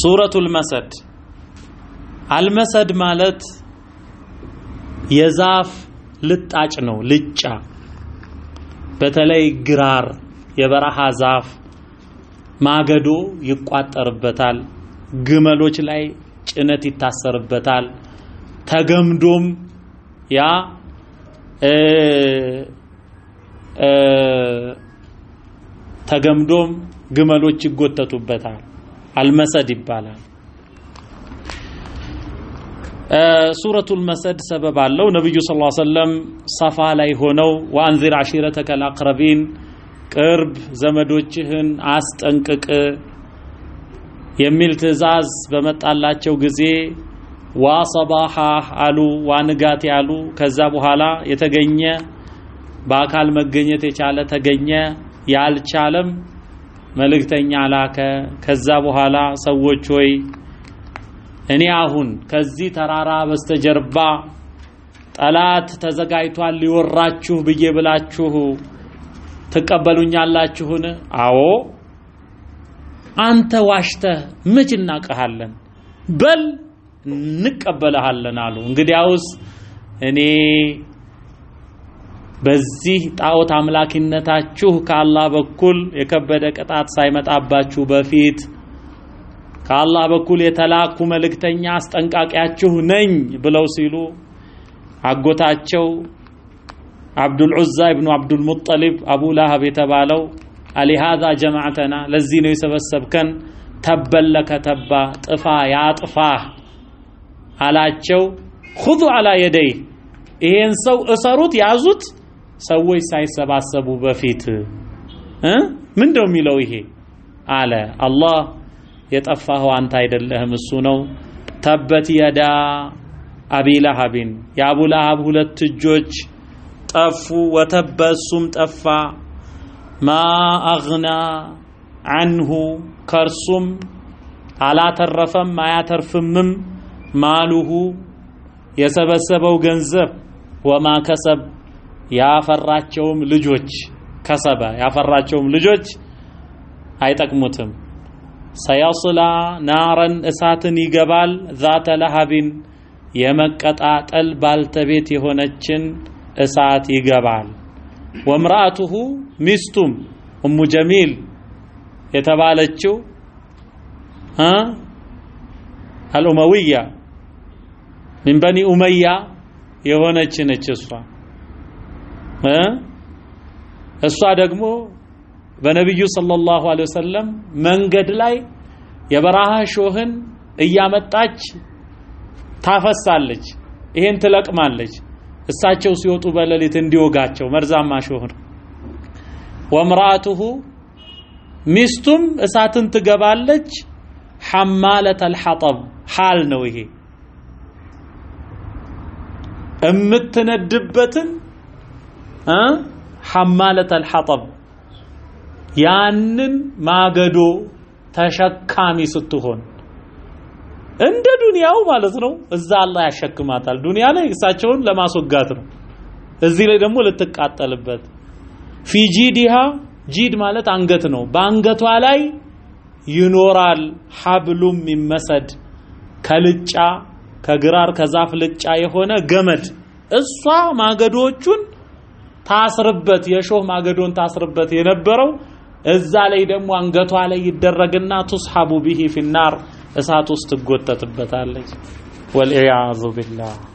ሱረቱል መሰድ አልመሰድ ማለት የዛፍ ልጣጭ ነው። ልጫ በተለይ ግራር፣ የበረሃ ዛፍ ማገዶ ይቋጠርበታል። ግመሎች ላይ ጭነት ይታሰርበታል። ተገምዶም ያ ተገምዶም ግመሎች ይጎተቱበታል። አልመሰድ ይባላል። ሱረቱል መሰድ ሰበብ አለው። ነቢዩ ሰለላሁ ዐለይሂ ሰፋ ላይ ሆነው ወአንዚር አሺረተከል አቅረቢን ቅርብ ዘመዶችህን አስጠንቅቅ የሚል ትዕዛዝ በመጣላቸው ጊዜ ዋሰባሃ አሉ፣ ዋንጋት ያሉ። ከዛ በኋላ የተገኘ በአካል መገኘት የቻለ ተገኘ፣ ያልቻለም መልእክተኛ ላከ። ከዛ በኋላ ሰዎች ሆይ እኔ አሁን ከዚህ ተራራ በስተጀርባ ጠላት ተዘጋጅቷል ሊወራችሁ ብዬ ብላችሁ ትቀበሉኛላችሁን? አዎ። አንተ ዋሽተህ መች እናቀሃለን? በል እንቀበልሃለን አሉ። እንግዲያውስ እኔ በዚህ ጣዖት አምላኪነታችሁ ከአላህ በኩል የከበደ ቅጣት ሳይመጣባችሁ በፊት ከአላህ በኩል የተላኩ መልእክተኛ አስጠንቃቂያችሁ ነኝ ብለው ሲሉ አጎታቸው አብዱል ዑዛ ኢብኑ አብዱል ሙጠሊብ አቡ ለሀብ የተባለው አሊሃዛ ጀማዕተና ለዚህ ነው የሰበሰብከን ተበለከ ተባ ጥፋ ያጥፋ አላቸው። ሁዙ አላ የደይ ይሄን ሰው እሰሩት፣ ያዙት سوي ساي سبع سبو بفيت من دوم يلويه على الله يتفاه عن تايد الله مسونو تبت يدا أبي لهب يا أبو لهب هل تجوج تفو وتبسم تفا ما أغنى عنه كرسم على ترف ما يترف مم ماله يسبسب وجنزب وما كسب ያፈራቸውም ልጆች ከሰበ ያፈራቸውም ልጆች አይጠቅሙትም። ሰየስላ ናረን እሳትን ይገባል። ዛተ ለሀቢን የመቀጣጠል ባልተቤት የሆነችን እሳት ይገባል። ወምርአቱሁ ሚስቱም እሙ ጀሚል የተባለችው አልኡመውያ ሚን በኒ ኡመያ የሆነች ነች እሷ እሷ ደግሞ በነቢዩ ሰለላሁ ዐለይሂ ወሰለም መንገድ ላይ የበረሃ ሾህን እያመጣች ታፈሳለች። ይሄን ትለቅማለች። እሳቸው ሲወጡ በሌሊት እንዲወጋቸው መርዛማ ሾህን ወምራአቱሁ ሚስቱም እሳትን ትገባለች። ሐማለተል ሐጠብ ሐል ነው ይሄ እምትነድበትን ሐማለተል ሐጠብ ያንን ማገዶ ተሸካሚ ስትሆን እንደ ዱንያው ማለት ነው። እዛ አላህ ያሸክማታል። ዱንያ ላይ እሳቸውን ለማስወጋት ነው። እዚህ ላይ ደግሞ ልትቃጠልበት። ፊጂዲሃ ጂድ ማለት አንገት ነው። በአንገቷ ላይ ይኖራል ሐብሉም ሚመሰድ ከልጫ ከግራር ከዛፍ ልጫ የሆነ ገመድ እሷ ማገዶቹን ታስርበት የሾህ ማገዶን ታስርበት የነበረው እዛ ላይ ደግሞ አንገቷ ላይ ይደረግና ቱስሐቡ ቢሂ ፊናር እሳት ውስጥ ትጎተትበታለች ወልዒያዙ ቢላህ